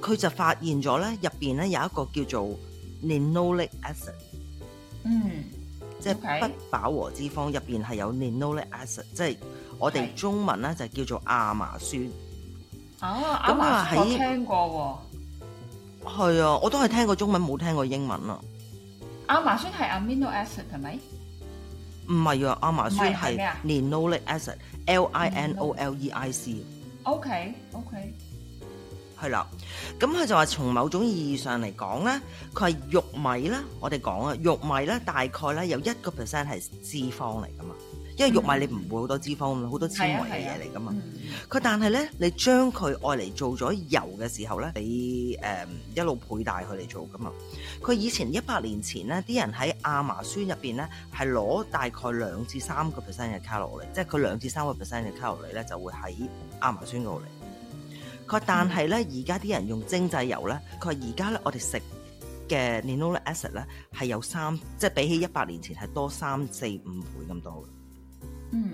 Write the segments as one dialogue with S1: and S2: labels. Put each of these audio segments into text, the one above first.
S1: 佢、嗯、就發現咗咧，入邊咧有一個叫做 linoleic acid，
S2: 嗯，
S1: 即係不飽和脂肪入邊係有 linoleic acid，即係我哋中文咧就叫做亞麻酸。
S2: 啊，亞麻、啊、酸我聽過喎、
S1: 啊，係啊，我都係聽過中文，冇聽過英文啊。
S2: 亞麻酸係 amino acid 係
S1: 咪？唔係啊，亞麻酸係啊 linoleic acid，L I N O L E I C。OK，OK、
S2: okay, okay.
S1: 係、嗯、啦，咁佢就話從某種意義上嚟講咧，佢係玉米啦。我哋講啊，玉米咧大概咧有一個 percent 係脂肪嚟噶嘛，因為玉米你唔會好多脂肪，好、mm -hmm. 多纖維嘅嘢嚟噶嘛。佢、啊啊、但係咧，你將佢愛嚟做咗油嘅時候咧，你誒、嗯、一路佩戴佢嚟做噶嘛。佢以前一百年前咧，啲人喺亞麻酸入邊咧係攞大概兩至三個 percent 嘅卡路里，即係佢兩至三個 percent 嘅卡路里咧就會喺亞麻酸度嚟。佢話但係咧，而家啲人用精製油咧，佢話而家咧，我哋食嘅 linoleic acid 咧係有三，即係比起一百年前係多三四五倍咁多嘅。嗯，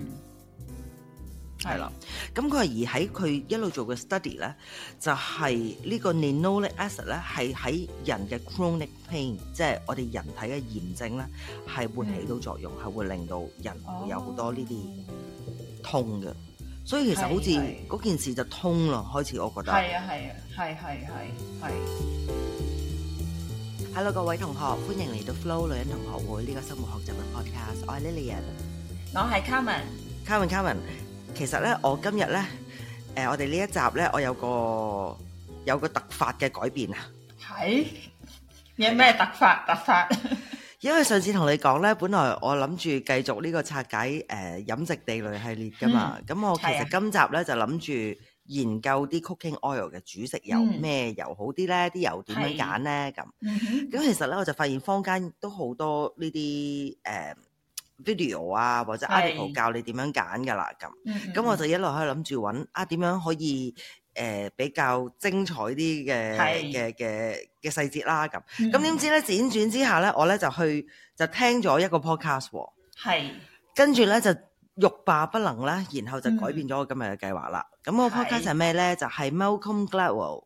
S1: 係啦。咁、嗯、佢話而喺佢一路做嘅 study 咧，就係、是、呢個 linoleic acid 咧係喺人嘅 chronic pain，即係我哋人體嘅炎症咧係會起到作用，係、嗯、會令到人會有好多呢啲痛嘅。哦所以其實好似嗰件事就通咯，開始我覺得。係啊，係啊，係
S2: 係
S1: 係 Hello 各位同學，歡迎嚟到 Flo 女人同學會呢、這個生活學習嘅 podcast 我。我係 Lilian
S2: 我係 Carmen。
S1: Carmen，Carmen，其實咧，我今日咧，誒、呃，我哋呢一集咧，我有個有個突發嘅改變啊。
S2: 係。你有咩突發？突發？
S1: 因為上次同你講咧，本來我諗住繼續呢個拆解誒飲食地雷系列噶嘛，咁、嗯、我其實今集咧、嗯、就諗住研究啲 cooking oil 嘅煮食油咩、嗯、油好啲咧？啲油點樣揀咧？咁咁、嗯、其實咧我就發現坊間都好多呢啲誒 video 啊，或者 article 教你點樣揀噶啦咁。咁、嗯、我就一路喺度諗住揾啊，點樣可以。呃、比較精彩啲嘅嘅嘅嘅細節啦咁，咁、嗯、點知咧？輾轉之下咧，我咧就去就聽咗一個 podcast 喎，係跟住咧就欲罷不能咧，然後就改變咗我今日嘅計劃啦。咁、嗯、個 podcast 係咩咧？就係、是、Malcolm Gladwell。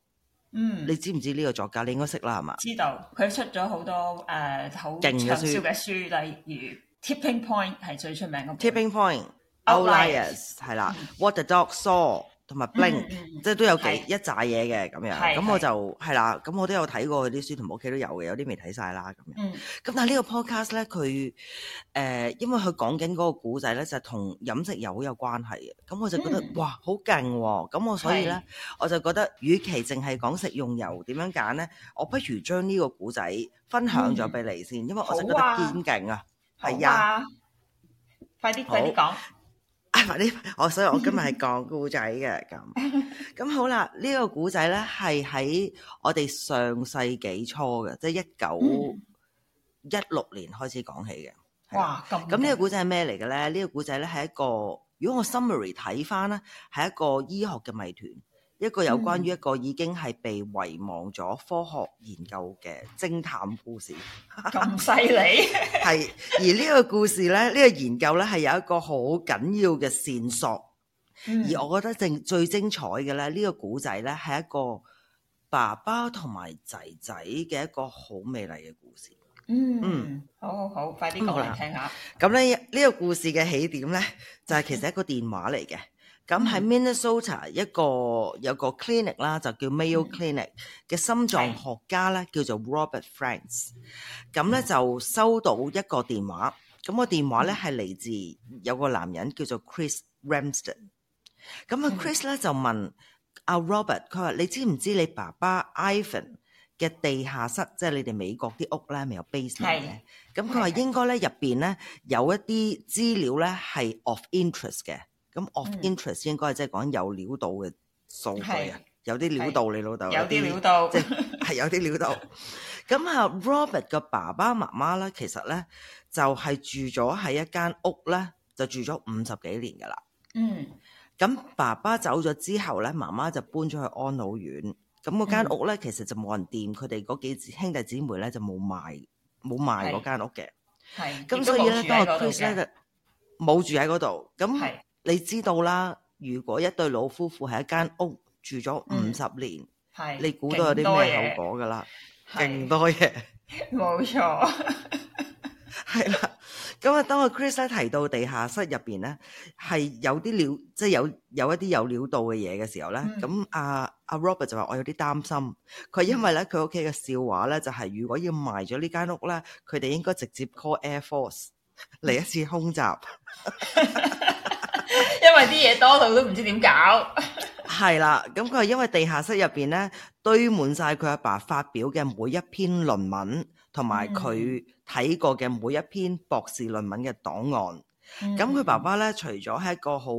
S1: 嗯，
S2: 你知
S1: 唔知呢個作家？你應該識啦，係、嗯、嘛？知
S2: 道佢出咗好多誒好、uh, 長笑嘅書,書，例如 Tipping Point 係最出名嘅。Tipping Point,
S1: Outliers 係啦 ，What the Dog Saw。同埋 bling，、嗯嗯、即係都有幾一紮嘢嘅咁樣，咁我就係啦，咁我都有睇過佢啲書，同埋屋企都有嘅，有啲未睇晒啦咁樣。咁、嗯、但呢個 podcast 咧，佢、呃、因為佢講緊嗰個古仔咧，就係、是、同飲食又好有關係嘅。咁我就覺得、嗯、哇，好勁喎！咁我所以咧，我就覺得，與其淨係講食用油點樣揀咧，我不如將呢個古仔分享咗俾你先、嗯，因為我就覺得堅勁啊，係啊，啊，啊，快啲
S2: 快啲講。
S1: 呢、啊、我所以我今日係講故仔嘅。咁，咁、嗯、好啦，呢、呢個故仔咧，係喺我哋上世紀初嘅，即係一九一六年開始講起嘅、嗯。哇，咁咁呢個故仔係咩嚟嘅咧？呢、呢個故仔咧，係一個，如果我 summary 睇翻咧，係一個醫學嘅謎團。一個有關於一個已經係被遺忘咗科學研究嘅偵探故事、嗯，咁犀利係。而呢個故事呢，呢、呢個研究呢，係有一個好緊要嘅線索、嗯。而我覺得最最精彩嘅呢，呢、呢個古仔呢，係一個爸爸同埋仔仔嘅一個好美麗嘅故事。嗯，
S2: 好、嗯、好好，快啲講嚟聽
S1: 下、嗯。咁呢呢個故事嘅起點呢，就係、係、其實一個電話嚟嘅。嗯咁喺 Minnesota 一個、嗯、有一個 clinic 啦，就叫 Mayo Clinic 嘅、嗯、心臟學家咧、嗯，叫做 Robert Frantz 咁、嗯、咧就收到一個電話，咁、那個電話咧係嚟自有個男人叫做 Chris Ramsden、嗯。咁啊 Chris 咧、嗯、就問阿、啊、Robert，佢話、嗯、你知唔知你爸爸 Ivan 嘅地下室，即、就、係、是、你哋美國啲屋咧，咪有 basement 嘅？咁佢話應該咧入邊咧有一啲資料咧係 of interest 嘅。咁 of interest、嗯、應該係即係講有料到嘅數據啊，有啲料到你老豆，有啲料到，即係有啲料到。咁啊、 就是、 ，Robert 嘅爸爸媽媽咧，其實咧就係、是、住咗喺一間屋咧，就住咗五十幾年㗎啦。嗯，咁爸爸走咗之後咧，媽媽就搬咗去安老院。咁嗰間屋咧、嗯，其實就冇人掂，佢哋嗰幾兄弟姊妹咧就冇賣，冇賣嗰間屋嘅。咁所以咧，當佢去世咧，冇住喺嗰度。咁你知道啦，如果一對老夫婦喺一間屋住咗五十年，係、
S2: 嗯、你估到有啲咩後果
S1: 噶啦？勁多嘢，
S2: 冇錯。
S1: 係啦，咁啊， 當阿 Chris 提到地下室入邊咧係有啲料，即、就、係、是、有有一啲有料到嘅嘢嘅時候咧，咁阿阿 Robert 就話，我有啲擔心。佢因為咧佢屋企嘅笑話咧就係、是嗯，如果要賣咗呢間屋咧，佢哋應該直接 call Air Force 嚟一次空襲。
S2: 因為啲嘢多到都唔知點搞，
S1: 係 啦，咁佢係因為地下室入邊咧堆滿晒佢阿爸發表嘅每一篇論文，同埋佢睇過嘅每一篇博士論文嘅檔案。咁、mm、佢 -hmm. 爸爸咧，除咗係一個好，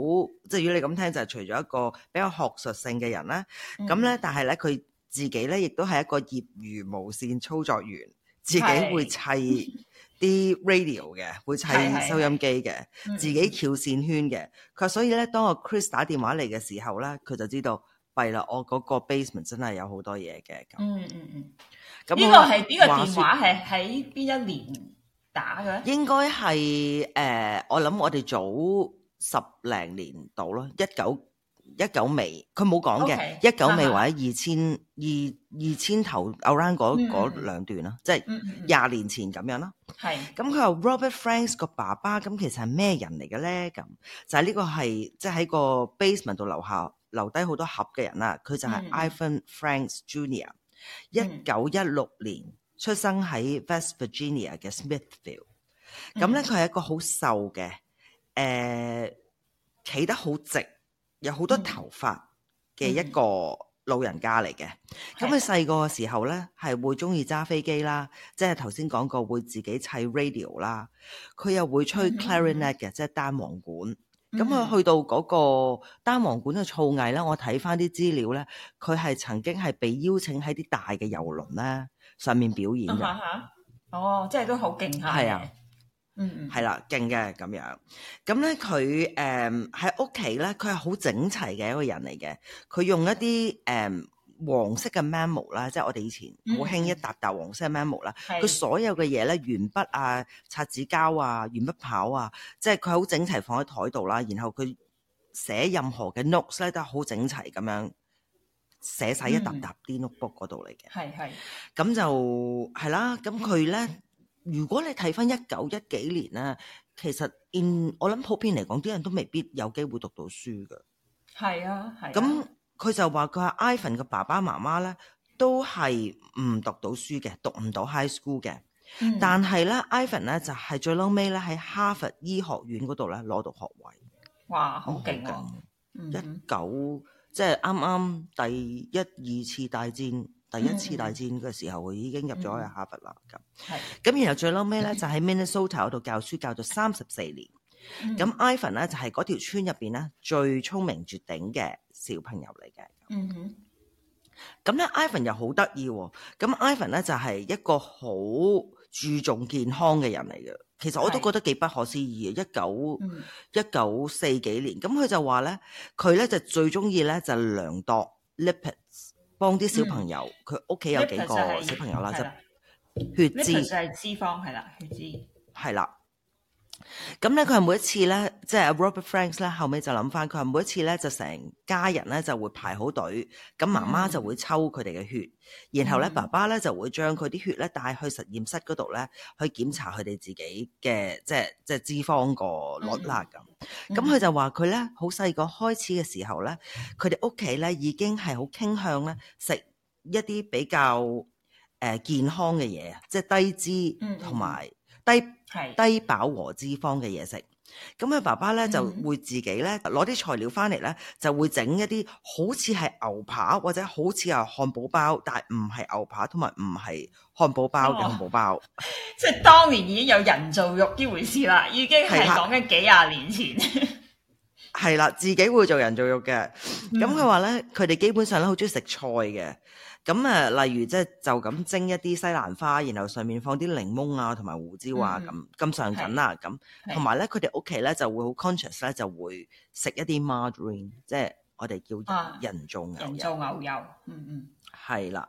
S1: 即係如果你咁聽就係、是、除咗一個比較學術性嘅人啦。咁、mm、咧 -hmm.，但係咧，佢自己咧，亦都係一個業餘無線操作員。自己會砌啲 radio 嘅， 會砌收音機嘅， 自己翹線圈嘅。佢話 所以咧，當我 Chris 打電話嚟嘅時候咧，佢就知道弊啦。我嗰個 basement 真係有好多嘢嘅。嗯嗯嗯。咁、這、呢個係邊個電話
S2: 係喺邊一年
S1: 打嘅？應該係誒，我諗我哋早十零年度咯，一九。一九尾，佢冇講嘅。Okay, 一九尾或者二千、uh -huh. 二二千頭 around 嗰嗰兩段咯，mm -hmm. 即係廿年前咁樣咯，係，咁佢話 Robert Frantz 個爸爸咁其實係咩人嚟嘅咧？咁就係呢個係即係喺個 basement 度留下留低好多盒嘅人啦。佢就係 Ivan、mm -hmm. Frantz Jr.，一九一六年出生喺 West Virginia 嘅 Smithville 咁咧，佢係一個好瘦嘅，誒、呃、企得好直。有好多頭髮嘅一個老人家嚟嘅，咁佢細個嘅時候咧，係會中意揸飛機啦，即係頭先講過會自己砌 radio 啦，佢又會吹 clarinet 嘅，mm -hmm. 即係單簧管。咁佢去到嗰個單簧管嘅造詣咧，我睇翻啲資料咧，佢係曾經係被邀請喺啲大嘅遊輪咧上面表演嘅。哦、
S2: uh -huh. oh，即係都好勁吓。係啊。嗯，
S1: 嗯，係啦，勁嘅咁樣。咁咧佢誒喺屋企咧，佢係好整齊嘅一個人嚟嘅。佢用一啲誒、嗯、黃色嘅 Memo 啦，即係我哋以前好興一沓沓黃色嘅 Memo 啦、嗯。佢所有嘅嘢咧，鉛筆啊、擦紙膠啊、鉛筆刨啊，即係佢好整齊放喺台度啦。然後佢寫任何嘅 note 咧都係好整齊咁樣寫晒一沓沓啲 notebook 嗰度嚟嘅。係、嗯、係。咁就係啦。咁佢咧。如果你睇翻一九一幾年咧，其實，嗯，我諗普遍嚟講，啲人都未必有機會讀到書嘅。
S2: 係啊，係、啊。咁
S1: 佢就話：佢話 Ivan 嘅爸爸媽媽咧，都係唔讀到書嘅，讀唔到 high school 嘅、嗯。但係咧，Ivan 咧就係、是、最撈尾咧喺哈佛醫學院嗰度咧攞到學位。哇！好勁啊！一九、嗯嗯、即係啱啱第一二次大戰。第一次大戰嘅時候，佢、mm -hmm. 已經入咗去了哈佛啦。咁咁，然後最嬲尾咧，mm -hmm. 就喺 Minnesota 嗰度教書，教咗三十四年。咁、mm -hmm. Ivan 咧就係、是、嗰條村入邊咧最聰明絕頂嘅小朋友嚟嘅。嗯、mm、哼 -hmm.，咁咧 Ivan 又好得意喎。咁 Ivan 咧就係、是、一個好注重健康嘅人嚟嘅。其實我都覺得幾不可思議嘅。Mm -hmm. 一九一九四幾年，咁佢就話咧，佢咧就最中意咧就量度 lipids。幫啲小朋友，佢屋企有幾個小朋友啦，即係血脂就係
S2: 脂肪，係啦，血脂
S1: 係啦。咁咧，佢係每一次咧，即係 Robert Frantz 咧，後尾就諗翻，佢係每一次咧，就成家人咧就會排好隊，咁媽媽就會抽佢哋嘅血，mm -hmm. 然後咧，mm -hmm. 爸爸咧就會將佢啲血咧帶去實驗室嗰度咧去檢查佢哋自己嘅即係即係脂肪個率啦。咁、mm -hmm.，咁佢就話佢咧好細個開始嘅時候咧，佢哋屋企咧已經係好傾向咧食一啲比較誒健康嘅嘢，即係低脂同埋低。係低飽和脂肪嘅嘢食，咁佢爸爸咧、嗯、就會自己咧攞啲材料翻嚟咧，就會整一啲好似係牛扒，或者好似係漢堡包，但係唔係牛扒，同埋唔係漢堡包嘅漢堡包。
S2: 哦、即係當年已經有人造肉呢回事啦，已經係講緊幾廿年前。
S1: 係啦， 自己會做人造肉嘅，咁佢話咧，佢哋基本上咧好中意食菜嘅。咁誒，例如即係就咁、是、蒸一啲西蘭花，然後上面放啲檸檬啊，同埋胡椒啊，咁咁上緊啦。咁同埋咧，佢哋屋企咧就會好 conscious 咧，就會食一啲 margarine，、mm -hmm. 即係我哋叫人,、啊、人造牛油。人造牛油，嗯、mm、嗯 -hmm.，係啦。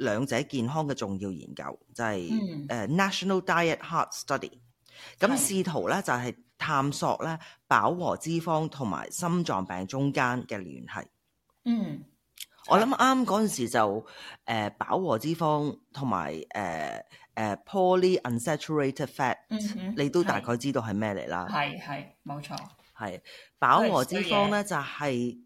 S1: 兩者健康嘅重要研究就係、是、誒 National Diet Heart Study，咁、嗯、試圖咧就係探索咧飽和脂肪同埋心臟病中間嘅聯繫。嗯，我諗啱嗰陣時就誒飽和脂肪同埋誒、uh, 誒、uh, polyunsaturated fat，、嗯、你都大概知道係咩嚟啦？係，
S2: 係冇錯
S1: 係飽和脂肪咧、就是，就係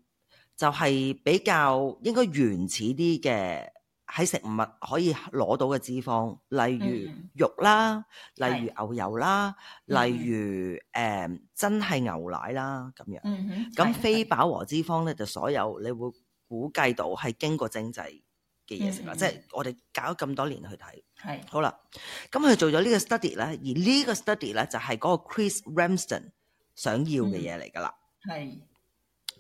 S1: 就係比較應該原始啲嘅。喺食物可以攞到嘅脂肪，例如肉啦，mm -hmm. 例如牛油啦，mm -hmm. 例如誒、uh, 真係牛奶啦咁樣。咁、mm -hmm. 非飽和脂肪咧，就所有你會估計到係經過精製嘅嘢食啦。Mm -hmm. 即係我哋搞咗咁多年去睇。係、mm -hmm.。好啦，咁佢做咗呢個 study 咧，而呢個 study 咧就係、是、嗰個 Chris Ramsden 想要嘅嘢嚟㗎啦。係、mm -hmm.。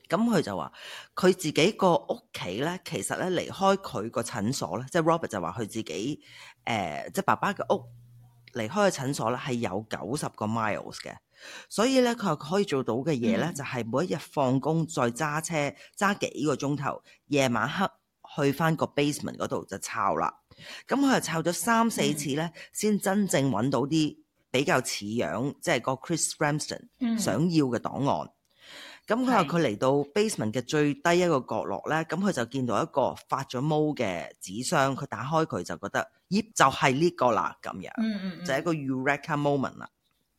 S1: 咁佢就話：佢自己個屋企咧，其實咧離開佢個診所咧，即係 Robert 就話佢自己誒，即係爸爸嘅屋離開個診所咧，係有九十個 miles 嘅。所以咧，佢可以做到嘅嘢咧，就係每一日放工再揸車揸幾個鐘頭，夜晚黑去翻個 basement 嗰度就抄啦。咁佢又抄咗三四次咧，先，嗯，真正揾到啲比較似樣，即係個 Chris Ramsden 想要嘅檔案。嗯咁佢話佢嚟到 basement 嘅最低一個角落咧，咁佢就見到一個發咗毛嘅紙箱，佢打開佢就覺得就，咦、嗯嗯嗯，就係呢個啦咁樣，就係一個 eureka moment 啦。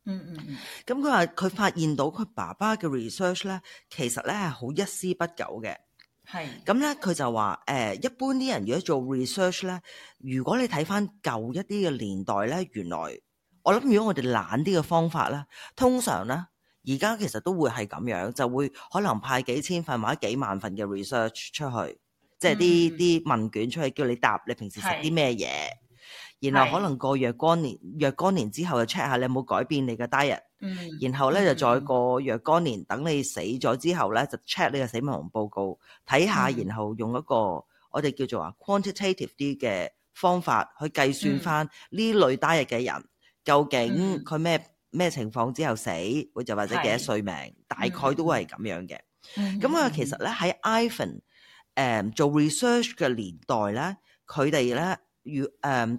S1: 嗯嗯，嗯。咁佢話佢發現到佢爸爸嘅 research 咧，其實咧係好一絲不苟嘅。係。咁咧佢就話誒、呃，一般啲人如果做 research 咧，如果你睇翻舊一啲嘅年代咧，原來我諗如果我哋懶啲嘅方法咧，通常咧。而家其實都會係咁樣，就會可能派幾千份或者幾萬份嘅 research 出去，即係啲啲問卷出去，叫你答你平時食啲咩嘢，mm -hmm. 然後可能過若干年、若干年之後就 check 下你有冇改變你嘅 diet，mm -hmm. 然後咧就再過若干年，等你死咗之後咧就 check 你嘅死亡報告，睇下，mm -hmm. 然後用一個我哋叫做啊 quantitative 啲嘅方法去計算翻呢類 diet 嘅人，mm -hmm. 究竟佢咩咩情況之後死，就或者幾多歲命，大概都係咁樣嘅。咁、嗯、啊，其實咧喺 Ivan 做 research 嘅年代咧，佢哋咧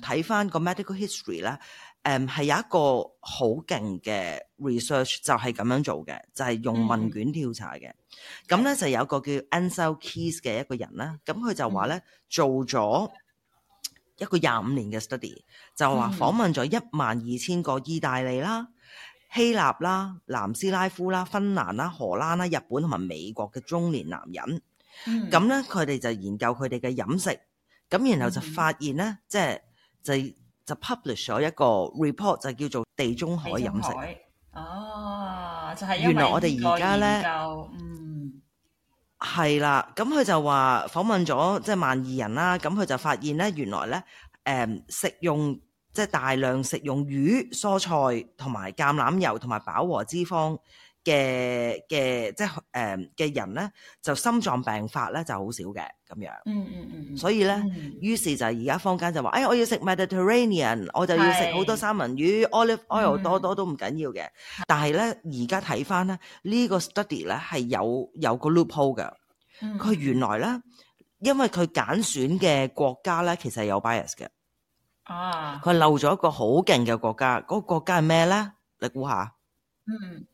S1: 睇翻個 medical history 咧，係、嗯、有一個好勁嘅 research 就係咁樣做嘅，就係、是、用問卷調查嘅。咁、嗯、咧就有個個叫 Ancel Keys 嘅一個人啦，咁、嗯、佢就話咧做咗一個廿五年嘅 study，就話訪問咗一萬二千個意大利啦。嗯嗯希臘啦、啊、南斯拉夫啦、啊、芬蘭啦、啊、荷蘭啦、啊、日本同、啊、埋、啊、美國嘅中年男人，咁咧佢哋就研究佢哋嘅飲食，咁然後就發現咧、嗯，即係就就 publish 咗一個 report 就叫做地中海飲食。
S2: 哦、啊，就係、是、因為年代、原來我哋而家咧、這個、研究，
S1: 嗯，係啦。咁佢就話訪問咗即係萬二人啦，咁佢就發現咧，原來咧誒、嗯、食用。即、係大量食用魚、蔬菜同埋橄欖油同埋飽和脂肪嘅嘅，即係誒嘅人咧，就心臟病發咧就好少嘅咁樣。嗯嗯嗯。所以咧，於是就而家坊間就話，誒、哎，我要食 Mediterranean，我就要食好多三文魚、olive oil 多多都唔緊要嘅。Mm -hmm. 但係咧，而家睇翻咧呢、呢個 study 咧係有有個 loop hole 嘅。佢、mm -hmm. 原來咧，因為佢揀選嘅國家咧，其實係有 bias 嘅。啊！佢漏咗一個好勁嘅國家，嗰、那個國家係咩咧？你估下？
S2: 嗯，嗯，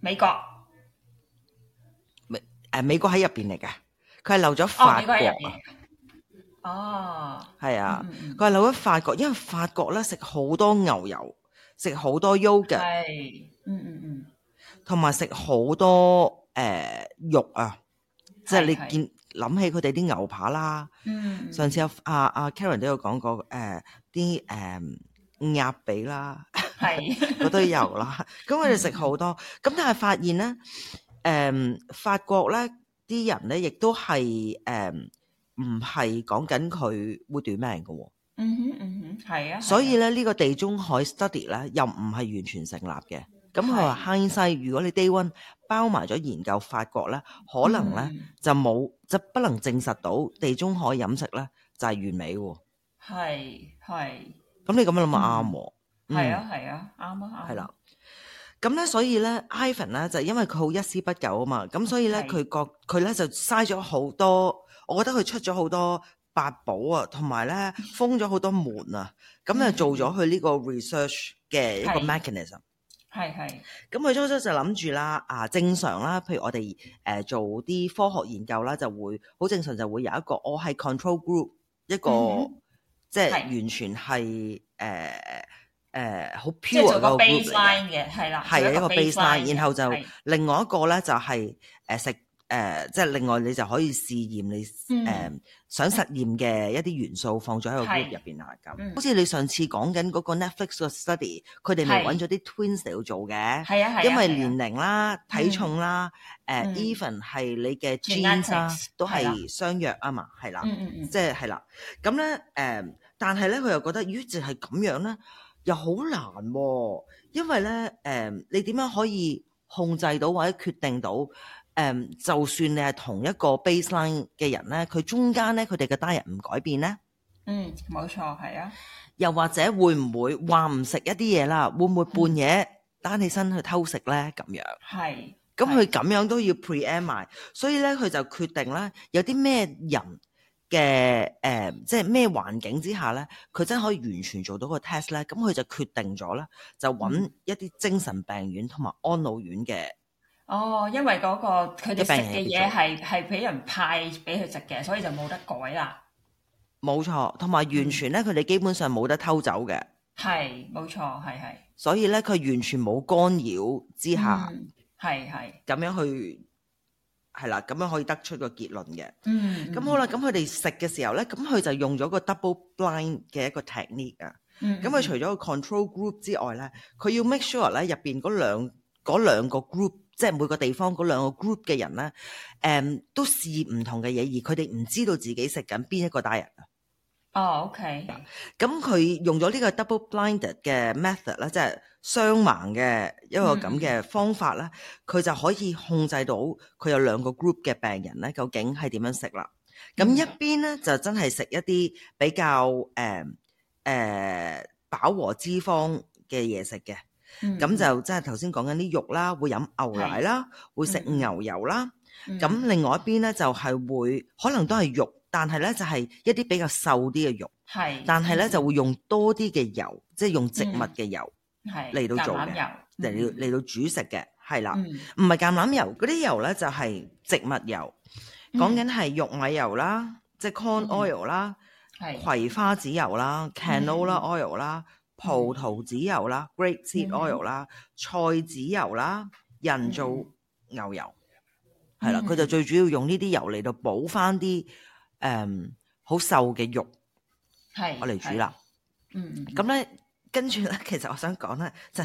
S2: 美國。
S1: 美、啊、誒，美國喺入邊嚟嘅，佢係漏咗法國。哦，係啊，佢係、啊嗯嗯嗯、漏咗法國，因為法國咧食好多牛油，食好多 yogurt 係，嗯嗯嗯，同埋食好多誒、呃、肉啊，即係、就是、你見。諗起佢哋啲牛扒啦、嗯，上次阿、啊、阿、啊啊、Karen 都有講過，誒啲誒鴨髀啦，
S2: 嗰堆 油
S1: 啦，咁我哋食好多，咁 但係發現咧，誒、呃、法國咧啲人咧，亦都係誒唔係講緊佢會短命嘅喎、哦，嗯哼嗯
S2: 哼，係啊，所
S1: 以咧呢、啊呢個地中海 study 咧又唔係完全成立嘅。咁佢話亨西，如果你低溫包埋咗研究發覺咧、嗯，可能咧就冇，就不能證實到地中海飲食咧就係完美喎。
S2: 係係。
S1: 咁你咁樣諗啊啱喎。係
S2: 啊係啊，啱啊係啦，
S1: 咁咧、嗯、所以咧，Ivan 咧就是、因為佢好一絲不苟啊嘛，咁所以咧佢覺佢咧就嘥咗好多，我覺得佢出咗好多八寶啊，同埋咧封咗好多門啊，咁、嗯、啊做咗佢呢個 research 嘅一個 mechanism。係係，咁佢初初就諗住啦，啊正常啦，譬如我哋誒做啲科學研究啦，就會好正常，就會有一個我係 control group 一個即係、嗯就是、完全係誒誒好 pure 個 baseline 嘅，係啦，
S2: 係一個 baseline，Base 然後就
S1: 另外一個咧就係、是、誒、就是呃、食。誒、呃，即係另外，你就可以試驗你想實驗嘅一啲元素放咗喺個 group 入面。啊。咁好似你上次講緊嗰個 Netflix 個 study，佢哋咪揾咗啲 twins 嚟做嘅。係啊，係、啊啊、因為年齡啦、啊、體重啦、嗯 uh, even 係你嘅 genes 都係相若啊嘛，係啦，即係係啦。咁咧但係咧佢又覺得樣呢，於是係咁樣咧又好難喎、啊，因為咧你點樣可以控制到或者決定到？誒、um,，就算你係同一個 baseline 嘅人咧，佢中間咧，佢哋嘅 d 人唔改變咧，
S2: 嗯，冇錯，係啊。
S1: 又或者會唔會話唔食一啲嘢啦？會唔會半夜擔、嗯、起身去偷食咧？咁樣係。咁佢咁樣都要 pre 安排，所以咧，佢就決定咧，有啲咩人嘅，誒，即係咩環境之下咧，佢真的可以完全做到個 test 咧，咁佢就決定咗啦，就揾一啲精神病院同埋安老院嘅。
S2: 哦，因為嗰個佢哋食嘅嘢係係俾人派俾佢食嘅，所以就冇得改啦。
S1: 冇錯，同埋完全咧，佢哋基本上冇得偷走嘅。
S2: 係冇錯，係係。
S1: 所以咧，佢完全冇干擾之下，
S2: 係係
S1: 咁樣去係啦，咁樣可以得出個結論嘅。嗯，咁好啦，咁佢哋食嘅時候咧，咁佢就用咗個 double blind 嘅一個 technique 啊。嗯，咁佢除咗個 control group 之外咧，佢要 make sure 咧入邊嗰兩嗰兩個 group。即係每個地方嗰兩個 group 嘅人咧、嗯，都試唔同嘅嘢，而佢哋唔知道自己食緊邊一個 diet 啊。
S2: 哦、oh，OK。
S1: 咁佢用咗呢個 double blinded 嘅 method 啦，即係雙盲嘅一個咁嘅方法咧，佢、mm -hmm. 就可以控制到佢有兩個 group 嘅病人咧，究竟係點樣食啦？咁一邊咧就真係食一啲比較誒誒、嗯嗯、飽和脂肪嘅嘢食嘅。咁、嗯、就即係頭先講緊啲肉啦，會飲牛奶啦，會食牛油啦。咁、嗯、另外一邊咧就係、是、會，可能都係肉，但係咧就係、是、一啲比較瘦啲嘅肉。
S2: 係。但係咧、嗯、就
S1: 會用多啲嘅油，即、就、係、是、用植物嘅油嚟到做嘅，嚟到嚟到煮食嘅，係、嗯、啦。唔係橄欖油，嗰啲油咧就係、是、植物油，講緊係玉米油啦，即、就、係、是、corn oil 啦，嗯、葵花籽油啦 canola oil 啦。嗯葡萄籽油啦、grape seed oil 啦、mm-hmm.、菜籽油啦、人造牛油，
S3: 係啦、mm-hmm.，佢就
S1: 最主要用呢啲油嚟到補翻啲誒好瘦嘅肉，
S2: 係我嚟煮啦。嗯，咁
S1: 咧跟住咧，其實我想講咧，就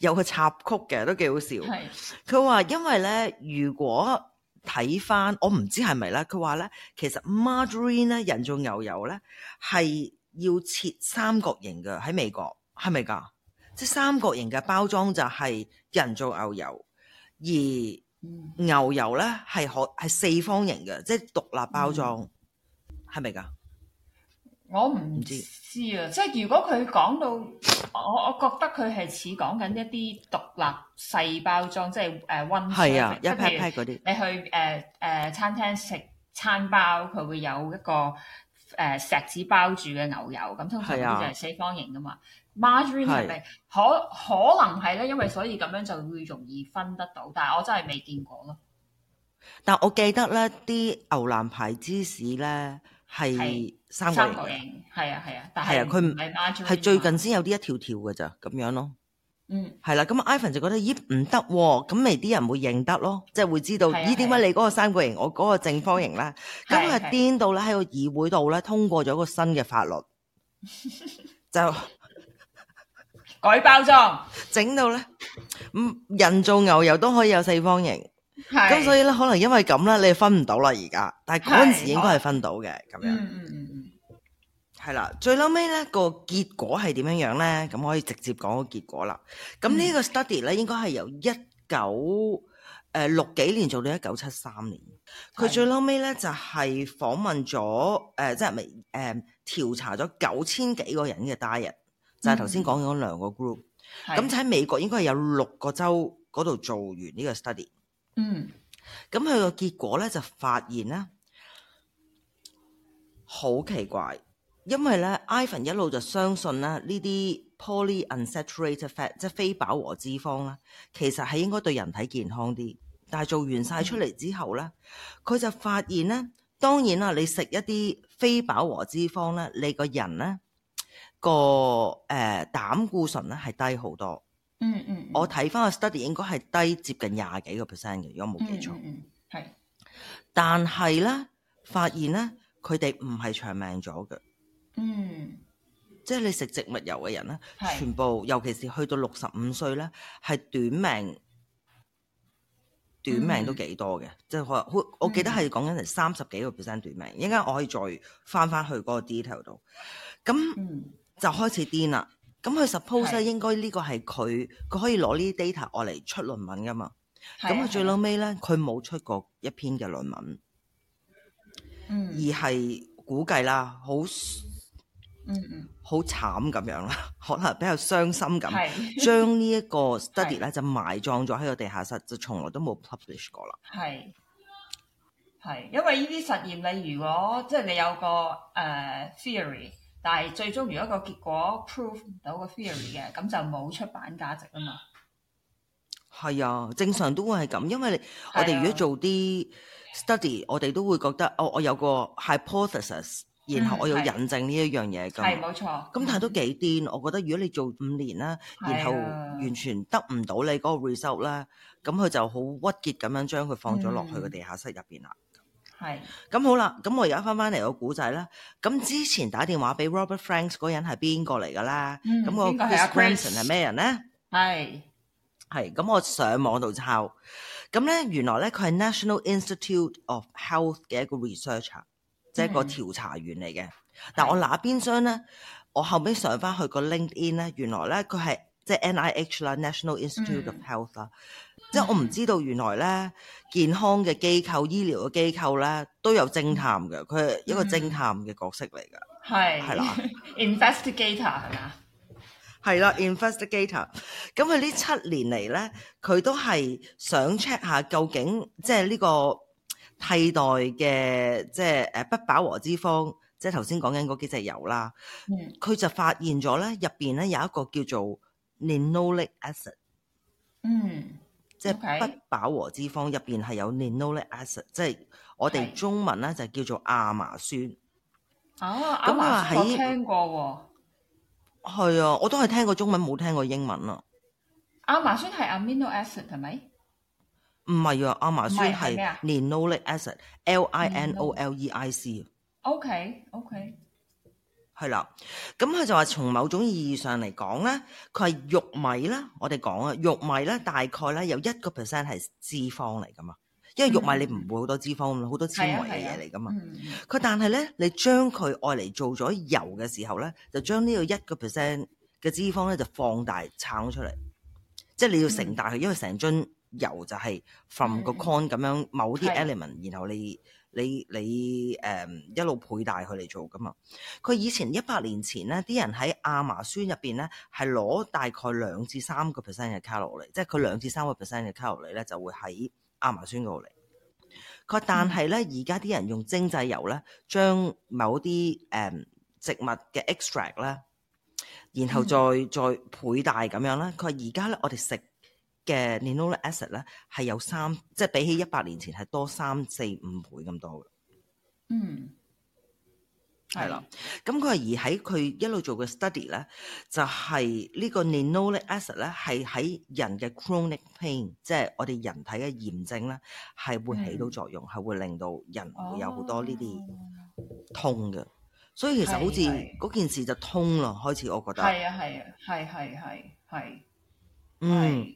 S1: 有個插曲嘅，都幾好笑。係，佢話因為咧，如果睇翻我唔知係咪咧，佢話咧，其實 margarine 咧，人造牛油咧係。是要切三角形嘅喺美國係咪噶？即係三角形嘅包裝就係人造牛油，而牛油咧係可係四方形嘅，即係獨立包裝，係咪噶？
S2: 我唔知啊！即係如果佢講到我，我覺得佢係似講緊一啲獨立細包裝，即係誒 one serving，係啊，一 pack 一 pack 嗰啲。你去誒誒、呃呃、餐廳食餐包，佢會有一個。誒，石子包住嘅牛油，咁通常都就係四方形噶嘛。m Margarine 係咪可可能係咧？因為所以咁樣就會容易分得到，但係我真係未見過咯。
S1: 但我記得咧，啲牛腩排芝士咧係三角形，
S2: 係啊係啊，但係佢唔係 Margarine，係、啊、最近
S1: 先有啲一條條噶咋咁樣咯。嗯，係啦，咁啊，Ivan 就覺得咦唔得，咁未啲人會認得咯，即、就、係、是、會知道咦點解你嗰個三角形，我嗰個正方形咧，咁啊癲到咧喺個議會度咧通過咗個新嘅法律，啊、就
S2: 改包裝，
S1: 整到咧，咁人造牛油都可以有四方形，咁、啊、所以咧可能因為咁呢，你分唔到啦而家，但係嗰陣時應該係分到嘅，咁、啊、樣。嗯嗯嗯。係啦，最嬲尾咧個結果係點樣樣咧？咁可以直接講個結果啦。咁呢個 study 咧、嗯、應該係由一九誒、呃、六幾年做到一九七三年。佢最嬲尾咧就係、是、訪問咗誒、呃，即係未誒調查咗九千幾個人嘅 diet，就係頭先講咗兩個 group。
S2: 咁喺美
S1: 國應該係有六個州嗰度做完呢個 study。嗯。咁佢個結果咧就發現啦，好奇怪。因為咧，Ivan 一路就相信咧呢啲 poly unsaturated fat 即係非飽和脂肪啦，其實係應該對人體健康啲。但係做完晒出嚟之後咧，佢就發現咧，當然啦，你食一啲非飽和脂肪咧，你個人咧個誒膽固醇咧係低好多。嗯嗯，我睇翻個 study 應該係低接近廿幾個 percent 嘅，如果冇記錯。嗯，嗯，
S2: 嗯，
S1: 係，但係咧發現咧，佢哋唔係長命咗嘅。嗯，即係你食植物油嘅人咧，全部尤其是去到六十五歲咧，係短命，短命都幾多嘅，即、嗯、係我我我記得係講緊係三十幾個 percent 短命，應、嗯、該我可以再翻翻去嗰個 detail 度，咁就開始癲啦。咁佢 suppose 應該呢個係佢，佢可以攞呢啲 data 我嚟出論文噶嘛？
S2: 咁佢最老尾
S1: 咧，佢冇出過一篇嘅論文，嗯、
S2: 而
S1: 係估計啦，好。嗯嗯，好慘咁樣啦，可能比較傷心咁，將呢一個 study 咧就埋葬咗喺個地下室，就從來都冇 publish 過啦。
S2: 係，係，因為呢啲實驗你如果即係你有個誒、uh, theory，但係最終如果個結果 prove 唔到個 theory 嘅，咁就冇出版價值啊嘛。
S1: 係啊，正常都會係咁，因為你、啊、我哋如果做啲 study，我哋都會覺得哦，我有個 hypothesis。然後我要引證呢一樣嘢，咁係冇錯，咁但都幾癲。我覺得如果你做五年啦，然後完全得唔到你嗰個 result 啦，咁佢就好鬱結，咁樣將佢放咗落去個地下室入邊啦。係，咁好啦，咁我而家翻翻嚟個古仔啦。咁之前打電話俾 Robert Frantz 嗰人係邊個嚟㗎啦？咁個 Chris Ramsden 係咩人咧？係係咁，我上網度抄咁咧，原來咧佢係 National Institute of Health 嘅一個 researcher。即係個調查員嚟嘅，mm -hmm. 但我那邊張咧，我後尾上翻去個 LinkedIn 咧，原來咧佢係即係 NIH 啦，National Institute of Health、mm -hmm. 即係我唔知道原來咧健康嘅機構、醫療嘅機構咧都有偵探嘅，佢係一個偵探嘅角色嚟㗎，係
S2: 係啦，investigator
S1: 係咪啊？係啦，investigator，咁佢呢七年嚟咧，佢都係想 check 下究竟即係呢個。替代嘅即係誒不飽和脂肪，即係頭先講緊嗰幾隻油啦。佢、嗯、就發現咗咧，入邊咧有一個叫做 linolenic acid，嗯，即、就、係、是、不飽和脂肪入邊係有 linolenic acid，即、嗯、係、就是嗯就是、我哋中文咧就叫做亞麻酸。
S2: 啊，亞麻、啊、酸我聽過
S1: 喎，係啊，我都係聽過中文，冇聽過英文啦。
S2: 亞麻酸係 amino acid 係咪？
S1: 唔係啊，阿媽酸係 linoleic acid，L-I-N-O-L-E-I-C。OK，OK、
S2: okay, okay.
S1: 係啦。咁佢就話從某種意義上嚟講咧，佢係玉米呢我哋講啊，玉米咧大概咧有一個 percent 係脂肪嚟噶嘛。因為玉米你唔會好多脂肪，好、mm. 多纖維嘅嘢嚟噶嘛。佢但係咧，你將佢愛嚟做咗油嘅時候咧，就將呢個一個 percent 嘅脂肪咧就放大撐出嚟，即係你要成大佢，mm. 因為成樽。油就係 from 個 corn 咁樣某啲 element，然後你你你誒、um, 一路倍大佢嚟做㗎嘛。佢以前一百年前咧，啲人喺亞麻酸入邊咧係攞大概兩至三個 percent 嘅卡路里，即係佢兩至三個 percent 嘅卡路里咧就會喺亞麻酸度嚟。佢但係咧而家啲人用精製油咧，將某啲誒、um, 植物嘅 extract 啦，然後再、mm. 再倍大咁樣啦。佢而家咧我哋食。嘅 linoleic acid 咧，係有三，即係比起一百年前係多三四五倍咁多嘅。嗯，
S2: 係啦。
S1: 咁佢而喺佢一路做嘅 study 咧，就係、是、呢個 linoleic acid 咧，係喺人嘅 chronic pain，即係我哋人體嘅炎症咧，係會起到作用，係、嗯、會令到人會有好多呢啲痛嘅、哦。所以其實好似嗰件事就通啦。開始我覺得係啊，係
S2: 啊，係係係係
S1: 嗯。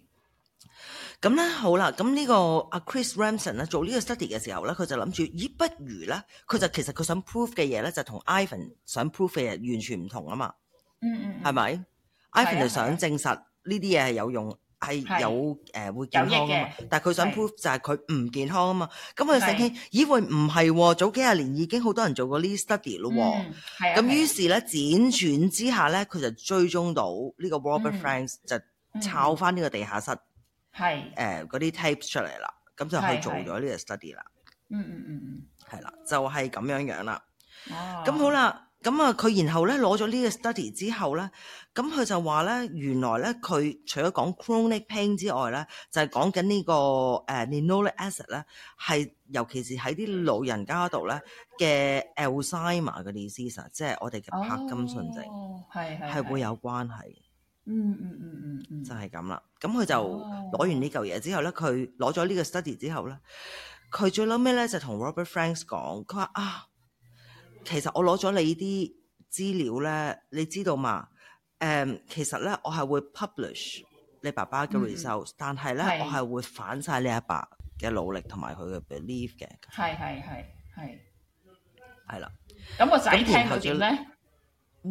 S1: 咁咧好啦，咁呢個阿 Chris Ramsden 咧做呢個 study 嘅時候咧，佢就諗住咦，不如咧，佢就其實佢想 prove 嘅嘢咧，就同 Ivan 想 prove 嘅嘢完全唔同啊嘛。嗯嗯。係咪？Ivan 就想證實呢啲嘢係有用，係有誒、呃、會健康嘛。但係佢想 prove 就係佢唔健康啊嘛。咁佢就醒起咦會唔係？早幾廿年已經好多人做過 study、嗯、呢 study 咯。係啊。
S3: 咁於是
S1: 咧，輾轉之下咧，佢就追蹤到呢個 Robert Frantz、嗯、就抄翻呢個地下室、嗯。係，誒、呃、嗰啲 tapes 出嚟啦，咁就去做咗呢個 study 啦。嗯嗯嗯嗯，係啦，就係、是、咁樣樣啦。哦，咁好啦，咁啊佢然後咧攞咗呢個 study 之後咧，咁佢就話咧，原來咧佢除咗講 chronic pain 之外咧，就係講緊呢個誒 linoleic acid 咧，係尤其是喺啲老人家度咧嘅 Alzheimer 嘅啲 disease 即係我哋嘅帕金遜症，
S2: 係、哦、係，係會有
S1: 關係嘅。嗯嗯嗯嗯，就係咁啦。咁佢就攞完呢嚿嘢之後咧，佢攞咗呢個 study 之後咧，佢最嬲咩咧？就同 Robert Frantz 講，佢話啊，其實我攞咗你啲資料咧，你知道嘛？誒、um，其實咧，我係會 publish 你爸爸嘅 result，嗯、但係咧，我係會反晒你阿爸嘅努力同埋佢嘅 belief 嘅。係
S2: 係係係
S1: 係啦。咁我仔聽佢點咧？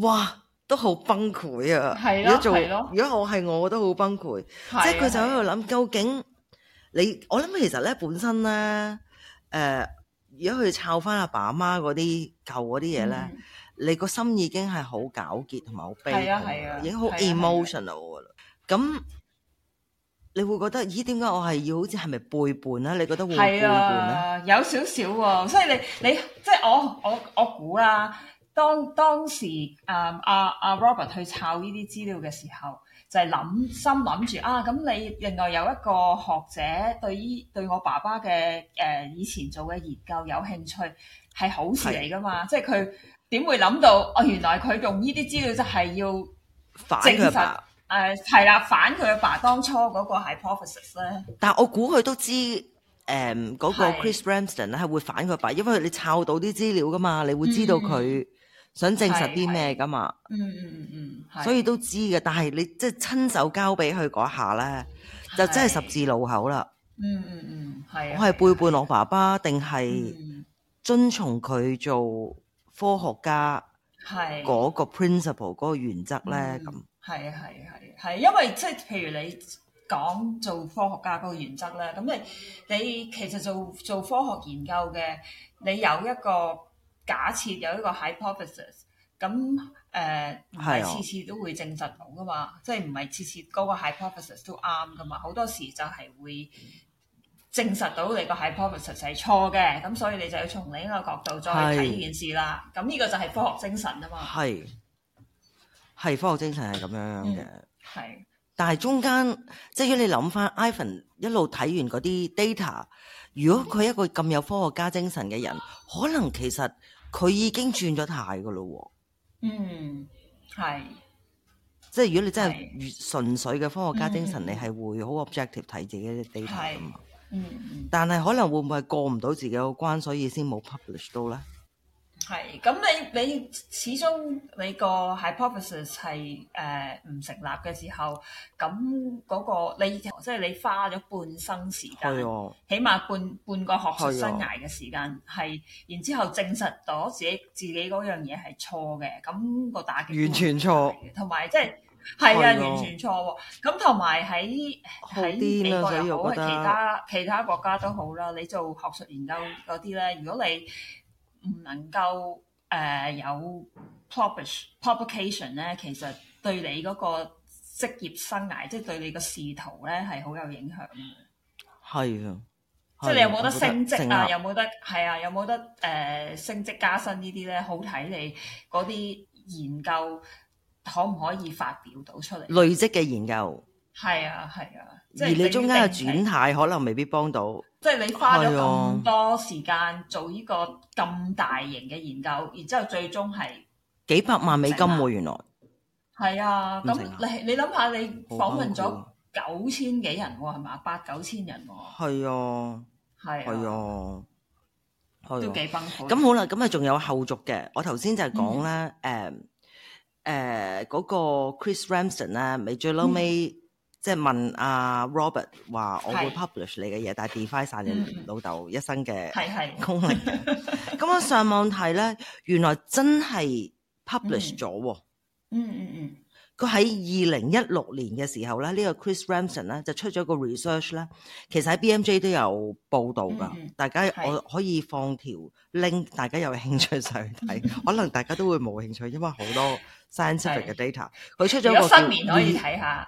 S1: 哇！都好崩潰啊！如果做，如果我係我，都好崩潰。即係佢就喺度諗，究竟你，我諗，其實咧本身咧，誒，如果佢摷翻阿爸阿媽嗰啲舊嗰啲嘢咧，你個心已經係好糾結同埋好悲，已經好 emotional 啦。咁你會覺得，咦？點解我係要好似係咪背叛咧？你覺得會背叛咧？
S2: 有少少喎，所以你你即係我我我估啦。當當時啊啊啊 Robert 去抄呢啲資料嘅時候，就係、是、諗心諗住啊！咁你另外有一個學者對依對我爸爸嘅誒、呃、以前做嘅研究有興趣，係好事嚟噶嘛？是即係佢點會諗到哦、啊？原來佢用呢啲資料就係要反佢爸誒係啦，反佢阿爸、呃、爸當初嗰個係 hypothesis 咧。
S1: 但我估佢都知誒嗰、嗯那個 Chris Ramsden 係係會反佢阿爸，因為你抄到啲資料噶嘛，你會知道佢、嗯。想證實啲咩噶嘛？嗯嗯嗯嗯，
S2: 所以
S1: 都知嘅。但係你即係親手交俾佢嗰下咧，就真係十字路口啦。
S2: 嗯嗯嗯，係。我係背
S1: 叛我爸爸定係遵從佢做科學家？
S2: 係嗰
S1: 個 principle 嗰個原則咧咁。
S2: 係啊係啊係，因為即係譬如你講做科學家嗰個原則咧，咁你你其實做做科學研究嘅，你有一個。假設有一個 hypothesis，咁誒係次次都會證實到噶嘛？即係唔係次次嗰個 hypothesis 都啱噶嘛？好多時就係會證實到你個 hypothesis 係錯嘅，咁所以你就要從另一個角度再睇呢件事啦。咁呢個就係科學精神啊
S1: 嘛。係係科學精神係咁樣嘅。係、嗯，但係中間即係如果你諗翻，Ivan 一路睇完嗰啲 data，如果佢一個咁有科學家精神嘅人，嗯，可能其實。佢已經轉咗態噶咯喎，嗯，
S2: 係，
S1: 即係如果你真係越純粹嘅科學家精神，嗯、你係會好 objective 睇自己啲地 a t 噶嘛，嗯，但係可能會唔會係過唔到自己個關，所以先冇 publish 到咧？
S2: 係，咁你你始終你個 hypothesis 係誒唔成立嘅時候，咁嗰、嗰個你即係、即係、你花咗半生時間、哦，起碼半半個學術生涯嘅時間係、哦，然之後證實咗自己自己嗰樣嘢係錯嘅，咁、嗰個打擊完
S1: 全錯，同埋即係係啊，完全錯
S2: 喎、哦。咁同埋喺喺美國好又好，其他其他國家都好啦。你做學術研究嗰啲咧，如果你唔能夠誒、呃、有 publish publication 咧，其實對你個職業生涯，即、就、係、是，對你個仕途咧，係好有影響嘅。
S1: 係啊，即係你有冇得升職升啊？有
S2: 冇得係啊？有冇得誒、呃、升職加薪呢啲咧？好睇你啲研究可唔可以發表到出嚟？
S1: 累積嘅研究
S2: 係啊，係啊。而你中
S1: 間嘅轉態可能未必幫到，
S2: 即係你花咗咁多時間做呢個咁大型嘅研究，然之後最終係
S1: 幾百萬美金喎。原來
S2: 係啊，咁你你諗下，你訪問咗九千幾人喎，係咪八九千人喎，
S1: 係啊，係啊，係都幾崩潰。咁好啦，咁啊仲有後續嘅，我頭先就講咧，誒誒嗰個 Chris Ramsden 啊，咪最嬲尾。即、就、係、是、問阿、啊、Robert 話我會 publish 你嘅嘢，但係 define 晒你老豆一生嘅
S2: 係係功力。
S1: 咁 我上網睇咧，原來真係 publish 咗。嗯嗯嗯，佢喺二零一六年嘅時候咧，呢、這個 Chris Ramsden 咧就出咗個 research 咧，其實喺 B M J 都有報道噶、嗯嗯。大家我可以放條 link，大家有興趣上去睇。可能大家都會冇興趣，因為好多 scientific 嘅 data。佢出咗個新年可以睇下。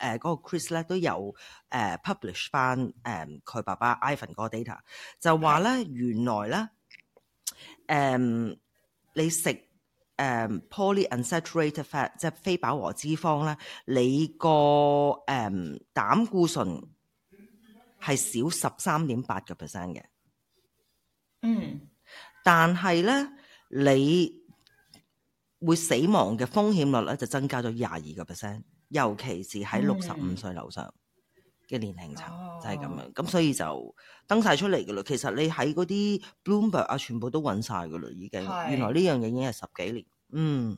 S1: 誒、uh, 嗰個 Chris 咧都有誒、uh, publish 翻誒佢、um, 爸爸 Ivan 嗰個 data，就話咧原來咧誒、um, 你食誒、um, polyunsaturated fat 即係非飽和脂肪咧，你個誒、um, 膽固醇係少十三點八個 percent 嘅。嗯，但係咧你會死亡嘅風險率咧就增加咗廿二個 percent。尤其是喺六十五歲樓上嘅年齡層就係咁樣，咁所以就登晒出嚟噶啦。其實你喺嗰啲 Bloomberg 啊，全部都搵晒噶啦，已經。原來呢樣嘢已經係十幾年。嗯。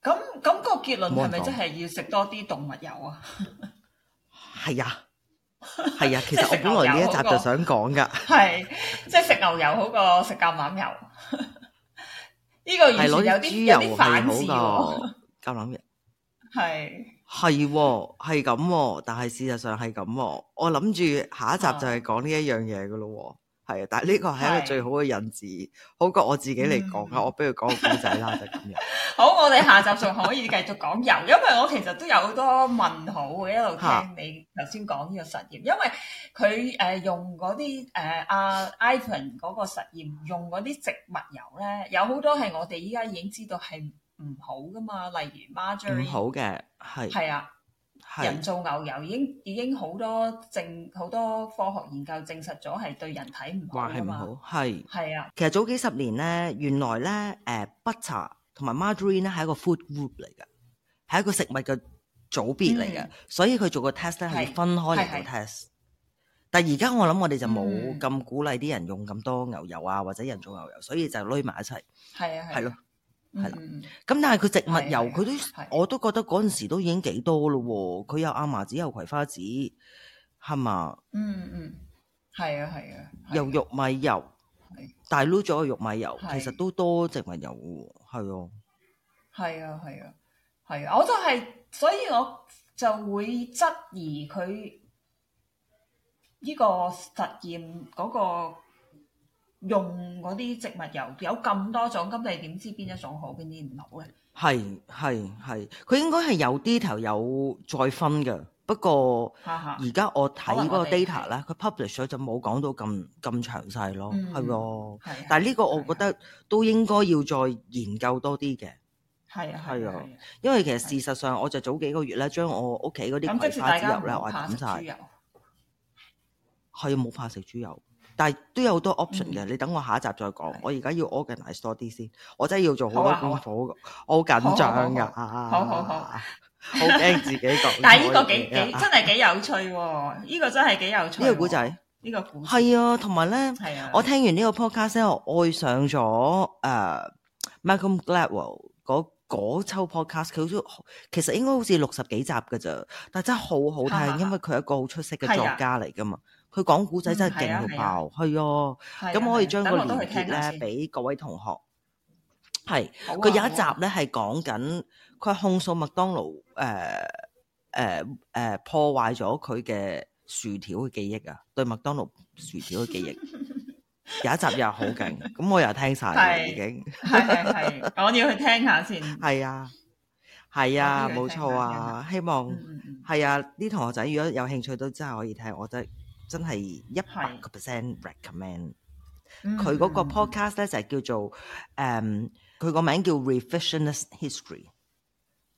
S2: 咁咁個結論係咪真係要食多啲動物油
S1: 啊？係啊，係啊。其實我本來呢一集就想講噶。係，
S2: 即係食牛油好過食橄欖油。呢個係攞豬油有啲反智好過橄欖油。係。
S1: 係、哦，係咁、哦，但係事實上係咁、哦。我諗住下一集就係講呢一樣嘢㗎咯。係啊，但係呢個係一個最好嘅引子，好過我自己嚟講啊、嗯。我不如講個古仔啦， 就咁樣。
S2: 好，我哋下集仲可以繼續講油， 因為我其實都有好多問號嘅，一路聽你頭先講呢個實驗，因為佢誒、呃、用嗰啲誒阿 Ivan 嗰個實驗，用嗰啲植物油咧，有好多係我哋依家已經知道係。唔好噶嘛，例如 margarine 唔好
S1: 嘅，係係啊，人造
S2: 牛油已經已經好多證，好多科學研究證實咗係對人體唔好嘅嘛，係係啊，其
S1: 實早幾十年咧，原來咧誒，butter 同埋 margarine 咧係一個 food group 嚟嘅，係一個食物嘅組別嚟嘅，所以佢做個 test 咧係要分開嚟做 test。但係而家我諗我哋就冇咁鼓勵啲人用咁多牛油啊，或者人造牛油，所以就撈埋一齊。係啊，係咯。係啦，咁、嗯嗯、但係佢植物油，佢都我都覺得嗰陣時都已經幾多咯喎，佢有亞麻籽，有葵花籽，係嘛？嗯嗯，
S2: 係啊係
S1: 啊，又玉米油，大撈咗個玉米油，其實都多植物油喎，係啊
S2: 係啊係啊，我都、就、係、是，所以我就會質疑佢呢個實驗嗰、那個。用嗰啲植物油有咁多種，咁你點知邊一種好，邊啲
S1: 唔好咧？係係係，佢應該係有啲頭有再分嘅，不過而家我睇嗰個 data 咧，佢 publish 咗就冇講到咁咁詳細咯，係、嗯、喎。但係呢個我覺得都應該要再研究多啲嘅。
S2: 係啊，係啊，
S1: 因為其實事實上，我就早幾個月咧，將我屋企嗰啲葵花籽油咧，我抌曬係冇怕食豬油。但都有好多 option 嘅，嗯，你等我下一集再講。我而家要 organize 多啲先，我真係要做好多功夫，啊啊，我好緊張㗎。好好好，好驚 自己講。但呢個幾幾 真係
S2: 幾有趣喎、哦。呢、這個真係幾有趣、哦。呢、這個
S1: 古仔，呢個古仔。係啊，同埋咧，我聽完呢個 podcast 呢，我愛上咗誒、uh, Malcolm Gladwell 嗰抽 podcast。佢好似，其實應該好似六十幾集㗎咋，但真係好好聽，因為佢係一個好出色嘅作家嚟㗎嘛。佢講古仔真係勁到爆，係、嗯、啊。咁、啊啊啊啊啊、我可以將嗰個連結咧俾各位同學。係，佢、啊、有一集咧係講緊佢控訴麥當勞誒誒誒破壞咗佢嘅薯條嘅記憶啊，對麥當勞薯條嘅記憶。 有一集又係好勁，咁我又聽曬， 已經
S2: 係係，我要去聽下
S1: 先。係啊，係啊，冇錯啊，希望係、嗯嗯、啊，啲同學仔如果有興趣都真係可以聽，我覺得。真係一百個 percent recommend 佢嗰個 podcast 咧，就係、是、叫做誒佢個名叫 Revisionist History，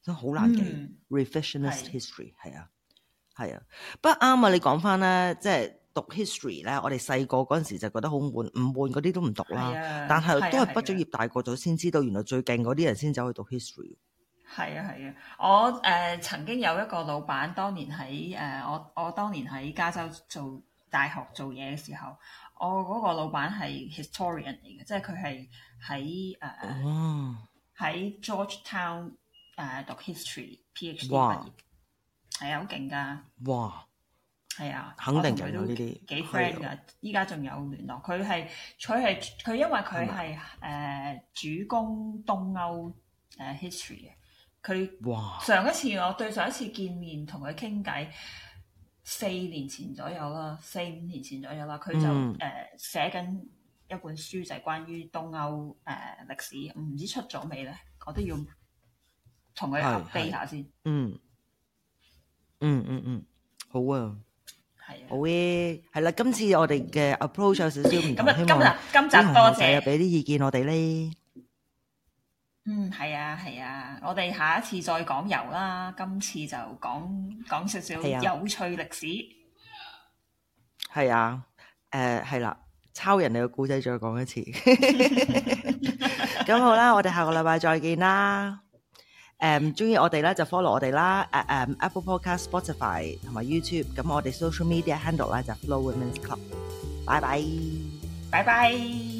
S1: 都好難記、嗯、Revisionist History 係啊係啊，不過啱啊！But, 你講翻咧，即、就、係、是、讀 history 咧，我哋細個嗰陣時就覺得好悶，唔悶嗰啲都唔讀啦。是啊、但係都係畢咗業大個咗先知道，原來最勁嗰啲人先走去讀 history。
S2: 係啊，係啊。我誒、呃、曾經有一個老闆，當年喺誒、呃、我我當年喺加州做大學做嘢嘅時候，我嗰個老闆係 historian 嚟嘅，即係佢係喺誒喺 Georgetown 誒、呃、讀 history P H D 畢業。係啊，好勁噶哇！係啊，肯定嘅，呢啲幾 friend 噶，依家仲有聯絡。佢係佢係佢，佢佢佢因為佢係誒主攻東歐誒、呃、history 嘅。佢哇！上一次我對上一次見面同佢傾偈，四年前左右啦，四五年前左右啦，佢就誒寫緊一本書，就係關於東歐誒歷史，唔知出咗未咧？我都要同佢 update 下先。嗯
S1: 嗯嗯嗯，好啊，係好嘅，係啦，今次我哋嘅 approach 有少少唔同，希望今日今集多謝俾啲意見我哋咧。
S2: 嗯，係啊，係啊，我哋下一次再講油啦，今次就講講少少有趣歷史。
S1: 係啊，誒，係啦，抄人哋嘅故仔再講一次。咁好啦，我哋下個禮拜再見啦。誒，中意我哋咧就 follow 我哋啦，誒誒，Apple Podcast、Spotify 同埋 YouTube。咁我哋 social media handle 咧就 Flo Women's Club。拜拜，拜拜。